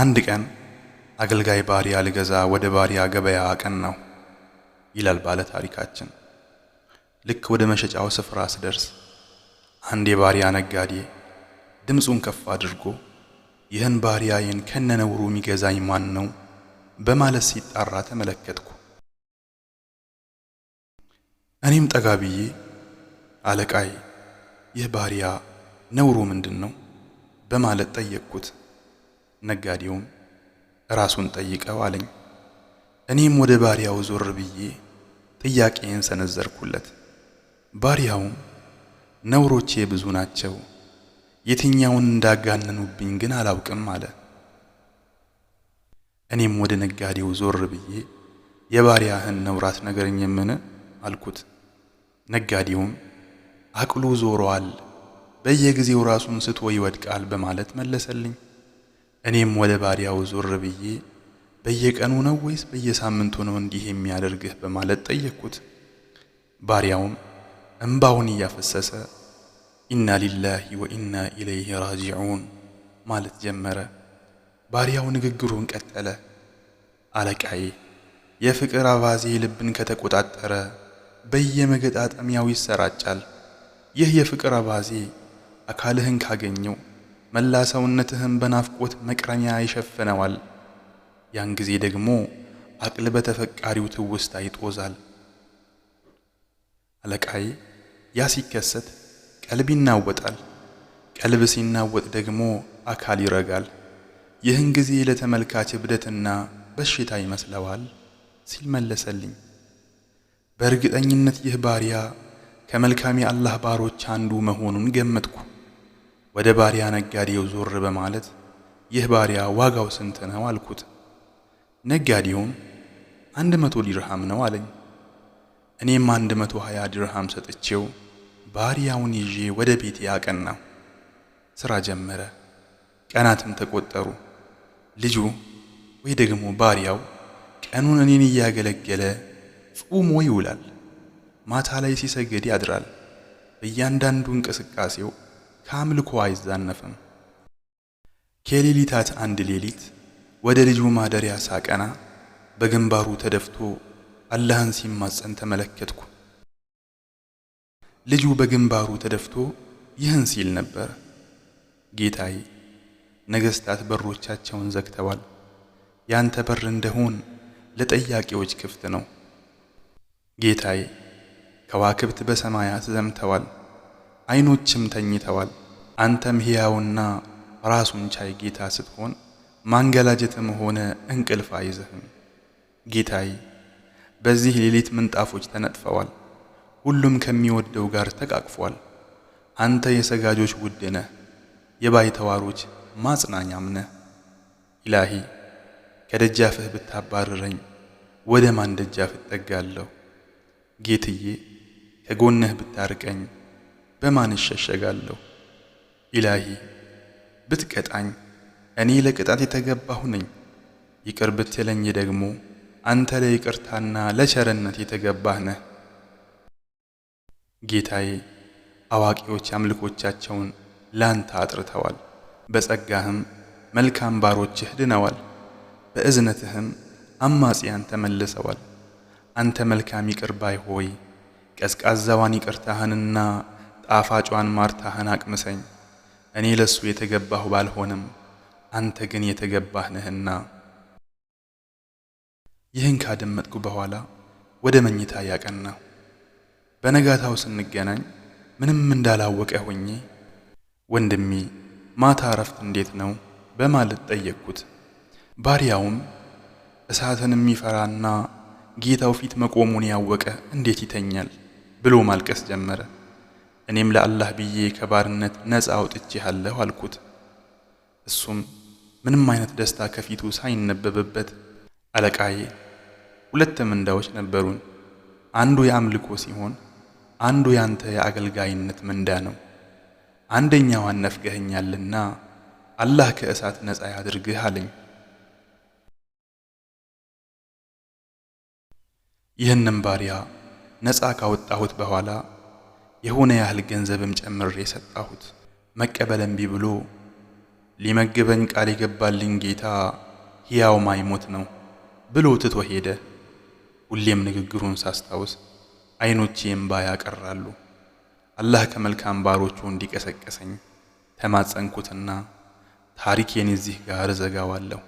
አንድ ቀን አገልጋይ ባሪያ ልገዛ ወደ ባሪያ ገበያ ነው ይላል ባለ ታሪካችን። ልክ ወደ መሸጫው ስፍራ ስደርስ አንድ የባሪያ ነጋዴ ድምፁን ከፍ አድርጎ ይህን ባሪያዬን ከነነውሩ የሚገዛኝ ማን ነው በማለት ሲጣራ ተመለከትኩ። እኔም ጠጋ ብዬ አለቃይ፣ ይህ ባሪያ ነውሩ ምንድን ነው በማለት ጠየቅኩት። ነጋዴውም ራሱን ጠይቀው አለኝ። እኔም ወደ ባሪያው ዞር ብዬ ጥያቄን ሰነዘርኩለት። ባሪያውም ነውሮቼ ብዙ ናቸው፣ የትኛውን እንዳጋነኑብኝ ግን አላውቅም አለ። እኔም ወደ ነጋዴው ዞር ብዬ የባሪያህን ነውራት የምን አልኩት። ነጋዴውም አቅሉ ዞሮአል፣ በየጊዜው ራሱን ስቶ ይወድቃል በማለት መለሰልኝ። እኔም ወደ ባሪያው ዞር ብዬ በየቀኑ ነው ወይስ በየሳምንቱ ነው እንዲህ የሚያደርግህ በማለት ጠየቅኩት። ባሪያውም እምባውን እያፈሰሰ ኢና ሊላሂ ወኢና ኢለይህ ራጂዑን ማለት ጀመረ። ባሪያው ንግግሩን ቀጠለ። አለቃዬ የፍቅር አባዜ ልብን ከተቆጣጠረ በየመገጣጠሚያው ይሰራጫል። ይህ የፍቅር አባዜ አካልህን ካገኘው መላ ሰውነትህን በናፍቆት መቅረሚያ ይሸፍነዋል። ያን ጊዜ ደግሞ አቅል በተፈቃሪው ትውስታ ይጦዛል። አለቃዬ ያ ሲከሰት ቀልብ ይናወጣል። ቀልብ ሲናወጥ ደግሞ አካል ይረጋል። ይህን ጊዜ ለተመልካች እብደትና በሽታ ይመስለዋል ሲል መለሰልኝ። በእርግጠኝነት ይህ ባሪያ ከመልካም የአላህ ባሮች አንዱ መሆኑን ገመትኩ። ወደ ባሪያ ነጋዴው ዞር በማለት ይህ ባሪያ ዋጋው ስንት ነው አልኩት። ነጋዴውም አንድ መቶ ዲርሃም ነው አለኝ። እኔም አንድ መቶ ሀያ ዲርሃም ሰጥቼው ባሪያውን ይዤ ወደ ቤቴ አቀናው። ሥራ ጀመረ። ቀናትም ተቆጠሩ። ልጁ ወይ ደግሞ ባሪያው ቀኑን እኔን እያገለገለ ጾሞ ይውላል። ማታ ላይ ሲሰግድ ያድራል። በእያንዳንዱ እንቅስቃሴው ከአምልኮ አይዛነፍም። ከሌሊታት አንድ ሌሊት ወደ ልጁ ማደሪያ ሳቀና በግንባሩ ተደፍቶ አላህን ሲማጸን ተመለከትኩ። ልጁ በግንባሩ ተደፍቶ ይህን ሲል ነበር፣ ጌታዬ ነገሥታት በሮቻቸውን ዘግተዋል፣ ያንተ በር እንደሆን ለጠያቂዎች ክፍት ነው። ጌታዬ ከዋክብት በሰማያት ዘምተዋል አይኖችም ተኝተዋል። አንተም ሕያውና ራሱን ቻይ ጌታ ስትሆን ማንገላጀትም ሆነ እንቅልፍ አይዘህም። ጌታዬ በዚህ ሌሊት ምንጣፎች ተነጥፈዋል፣ ሁሉም ከሚወደው ጋር ተቃቅፏል። አንተ የሰጋጆች ውድ ነህ፣ የባይተዋሮች ማጽናኛም ነህ። ኢላሂ ከደጃፍህ ብታባርረኝ ወደ ማን ደጃፍ እጠጋለሁ? ጌትዬ ከጎንህ ብታርቀኝ በማን እሸሸጋለሁ? ኢላሂ ብትቀጣኝ እኔ ለቅጣት የተገባሁ ነኝ። ይቅር ብትለኝ ደግሞ አንተ ለይቅርታና ለቸርነት የተገባህ ነህ። ጌታዬ አዋቂዎች አምልኮቻቸውን ላንተ አጥርተዋል። በጸጋህም መልካም ባሮችህ ድነዋል። በእዝነትህም አማጽያን ተመልሰዋል። አንተ መልካም ይቅር ባይ ሆይ ቀዝቃዛዋን ይቅርታህንና ጣፋጯን ማርታህን አቅምሰኝ፣ እኔ ለሱ የተገባሁ ባልሆንም አንተ ግን የተገባህ ነህና። ይህን ካደመጥኩ በኋላ ወደ መኝታ ያቀና በነጋታው ስንገናኝ ምንም እንዳላወቀ ሆኜ ወንድሜ ማታ እረፍት እንዴት ነው በማለት ጠየቅኩት። ባሪያውም እሳትን የሚፈራና ጌታው ፊት መቆሙን ያወቀ እንዴት ይተኛል ብሎ ማልቀስ ጀመረ። እኔም ለአላህ ብዬ ከባርነት ነፃ አውጥቼሃለሁ አልኩት። እሱም ምንም አይነት ደስታ ከፊቱ ሳይነበብበት አለቃዬ፣ ሁለት ምንዳዎች ነበሩን፣ አንዱ የአምልኮ ሲሆን አንዱ ያንተ የአገልጋይነት ምንዳ ነው። አንደኛው አነፍገኸኛልና አላህ ከእሳት ነፃ ያድርግህ አለኝ። ይህንም ባሪያ ነፃ ካወጣሁት በኋላ የሆነ ያህል ገንዘብም ጨምር የሰጣሁት መቀበል እምቢ ብሎ ሊመግበኝ ቃል የገባልኝ ጌታ ሕያው ማይሞት ነው ብሎ ትቶ ሄደ። ሁሌም ንግግሩን ሳስታውስ አይኖቼ እምባ ያቀራሉ። አላህ ከመልካም ባሮቹ እንዲቀሰቀሰኝ ተማጸንኩትና ታሪኬን እዚህ ጋር ዘጋዋለሁ።